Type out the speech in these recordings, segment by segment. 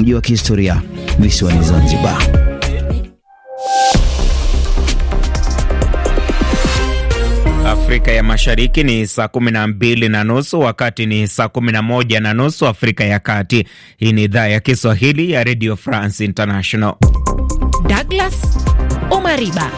mji wa kihistoria visiwani Zanzibar. Afrika ya Mashariki ni saa kumi na mbili na nusu wakati ni saa kumi na moja na nusu Afrika ya Kati. Hii ni idhaa ya Kiswahili ya Radio France International. Douglas Omariba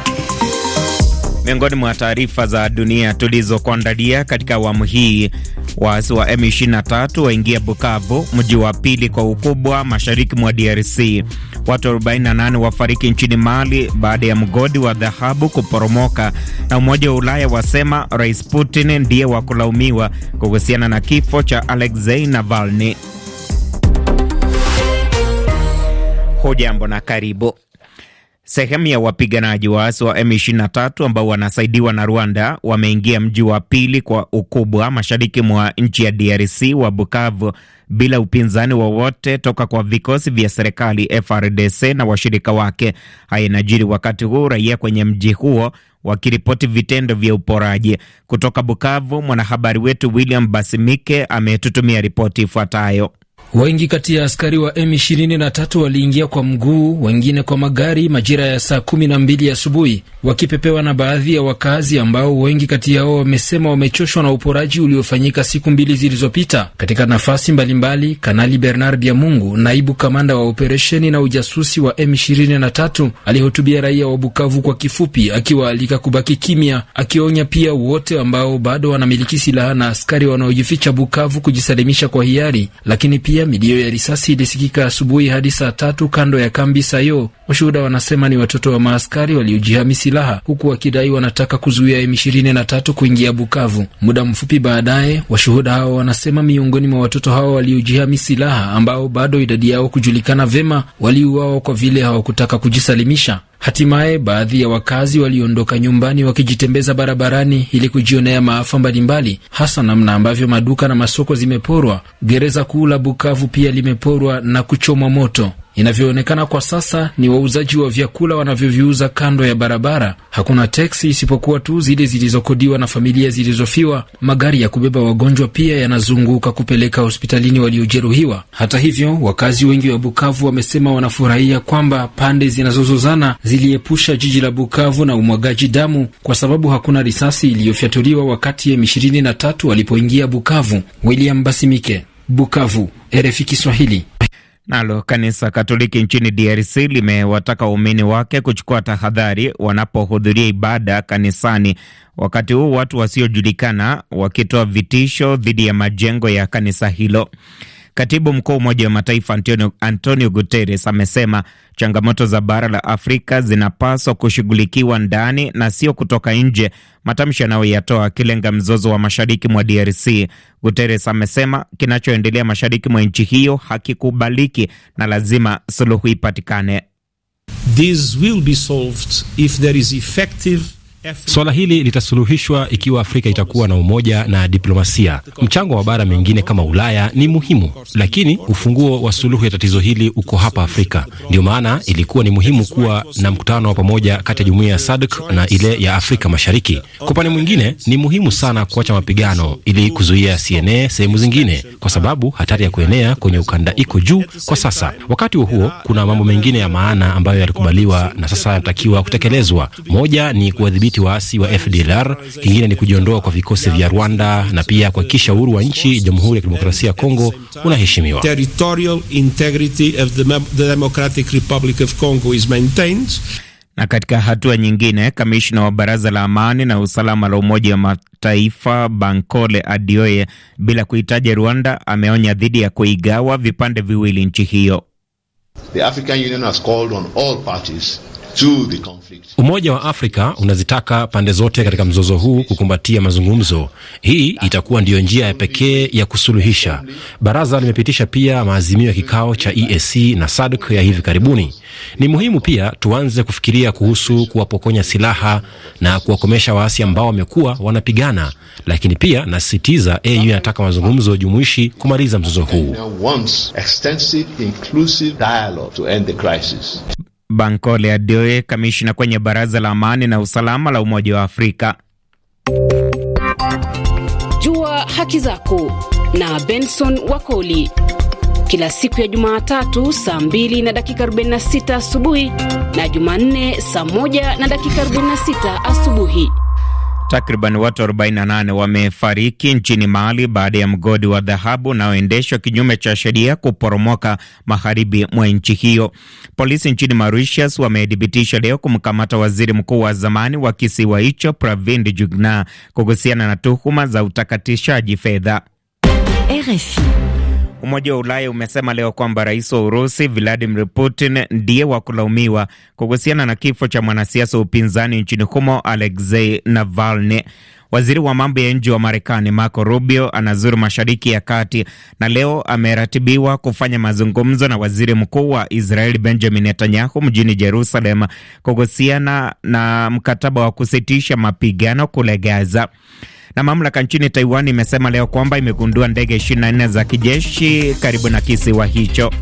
Miongoni mwa taarifa za dunia tulizokuandalia katika awamu hii, waasi wa M23 waingia Bukavu, mji wa pili kwa ukubwa mashariki mwa DRC. Watu 48 wafariki nchini Mali baada ya mgodi wa dhahabu kuporomoka, na Umoja wa Ulaya wasema Rais Putin ndiye wa kulaumiwa kuhusiana na kifo cha Alexei Navalny. Hujambo na karibu. Sehemu ya wapiganaji waasi wa M23 ambao wanasaidiwa na Rwanda wameingia mji wa pili kwa ukubwa mashariki mwa nchi ya DRC wa Bukavu bila upinzani wowote toka kwa vikosi vya serikali FRDC na washirika wake. Haya inajiri wakati huu raia kwenye mji huo wakiripoti vitendo vya uporaji. Kutoka Bukavu, mwanahabari wetu William Basimike ametutumia ripoti ifuatayo. Wengi kati ya askari wa M23 waliingia kwa mguu, wengine kwa magari majira ya saa kumi na mbili asubuhi, wakipepewa na baadhi ya wakazi ambao wengi kati yao wamesema wamechoshwa na uporaji uliofanyika siku mbili zilizopita katika nafasi mbalimbali mbali. Kanali Bernard byamungu naibu kamanda wa operesheni na ujasusi wa M23, alihutubia raia wa Bukavu kwa kifupi, akiwaalika kubaki kimya, akionya pia wote ambao bado wanamiliki silaha na askari wanaojificha Bukavu kujisalimisha kwa hiari, lakini pia Ethiopia milio ya risasi ilisikika asubuhi hadi saa tatu kando ya kambi Sayo Mashuhuda wanasema ni watoto wa maaskari waliojihami silaha, huku wakidai wanataka kuzuia M23 kuingia Bukavu. Muda mfupi baadaye, washuhuda hao wanasema miongoni mwa watoto hao waliojihami silaha, ambao bado idadi yao kujulikana vyema, waliuawa kwa vile hawakutaka kujisalimisha. Hatimaye baadhi ya wakazi waliondoka nyumbani wakijitembeza barabarani ili kujionea maafa mbalimbali, hasa namna ambavyo maduka na masoko zimeporwa. Gereza kuu la Bukavu pia limeporwa na kuchomwa moto. Inavyoonekana kwa sasa ni wauzaji wa vyakula wanavyoviuza kando ya barabara. Hakuna teksi isipokuwa tu zile zilizokodiwa na familia zilizofiwa. Magari ya kubeba wagonjwa pia yanazunguka kupeleka hospitalini waliojeruhiwa. Hata hivyo, wakazi wengi wa Bukavu wamesema wanafurahia kwamba pande zinazozozana ziliepusha jiji la Bukavu na umwagaji damu, kwa sababu hakuna risasi iliyofyatuliwa wakati ya M23 walipoingia Bukavu. William Basimike, Bukavu, RFI Kiswahili. Nalo kanisa Katoliki nchini DRC limewataka waumini wake kuchukua tahadhari wanapohudhuria ibada kanisani, wakati huu watu wasiojulikana wakitoa vitisho dhidi ya majengo ya kanisa hilo. Katibu mkuu Umoja wa Mataifa Antonio, Antonio Guterres amesema changamoto za bara la Afrika zinapaswa kushughulikiwa ndani na sio kutoka nje, matamshi anayoyatoa akilenga mzozo wa mashariki mwa DRC. Guterres amesema kinachoendelea mashariki mwa nchi hiyo hakikubaliki na lazima suluhu ipatikane. This will be solved if there is effective Swala hili litasuluhishwa ikiwa Afrika itakuwa na umoja na diplomasia. Mchango wa bara mengine kama Ulaya ni muhimu, lakini ufunguo wa suluhu ya tatizo hili uko hapa Afrika. Ndiyo maana ilikuwa ni muhimu kuwa na mkutano wa pamoja kati ya jumuiya ya SADC na ile ya Afrika Mashariki. Kwa upande mwingine, ni muhimu sana kuacha mapigano ili kuzuia sienee sehemu zingine, kwa sababu hatari ya kuenea kwenye ukanda iko juu kwa sasa. Wakati huo huo, kuna mambo mengine ya maana ambayo yalikubaliwa na sasa yanatakiwa kutekelezwa. Moja ni kuwadhibiti kudhibiti waasi wa FDLR, kingine ni kujiondoa kwa vikosi vya Rwanda na pia kuhakikisha uhuru wa nchi Jamhuri ya Kidemokrasia ya Kongo unaheshimiwa. Na katika hatua nyingine, kamishna wa baraza la amani na usalama la Umoja wa Mataifa Bankole Adioye, bila kuitaja Rwanda, ameonya dhidi ya kuigawa vipande viwili nchi hiyo. The African Union has called on all parties Umoja wa Afrika unazitaka pande zote katika mzozo huu kukumbatia mazungumzo. Hii itakuwa ndiyo njia ya pekee ya kusuluhisha. Baraza limepitisha pia maazimio ya kikao cha EAC na SADC ya hivi karibuni. Ni muhimu pia tuanze kufikiria kuhusu kuwapokonya silaha na kuwakomesha waasi ambao wamekuwa wanapigana, lakini pia nasisitiza, e AU inataka mazungumzo jumuishi kumaliza mzozo huu. Bankole Adeoye, kamishna kwenye baraza la amani na usalama la Umoja wa Afrika. Jua haki zako na Benson Wakoli kila siku ya Jumatatu saa 2 na dakika 46 asubuhi na Jumanne saa 1 na dakika 46 asubuhi. Takriban watu 48 wamefariki nchini Mali baada ya mgodi wa dhahabu unaoendeshwa kinyume cha sheria kuporomoka magharibi mwa nchi hiyo. Polisi nchini Mauritius wamethibitisha leo kumkamata waziri mkuu wa zamani wa kisiwa hicho Pravind Jugnauth kuhusiana na tuhuma za utakatishaji fedha. RFI Umoja wa Ulaya umesema leo kwamba rais wa Urusi Vladimir Putin ndiye wa kulaumiwa kuhusiana na kifo cha mwanasiasa wa upinzani nchini humo Alexei Navalny. Waziri wa mambo ya nje wa Marekani Marco Rubio anazuru Mashariki ya Kati na leo ameratibiwa kufanya mazungumzo na waziri mkuu wa Israeli Benjamin Netanyahu mjini Jerusalem kuhusiana na mkataba wa kusitisha mapigano kule Gaza. Na mamlaka nchini Taiwan imesema leo kwamba imegundua ndege 24 za kijeshi karibu na kisiwa hicho.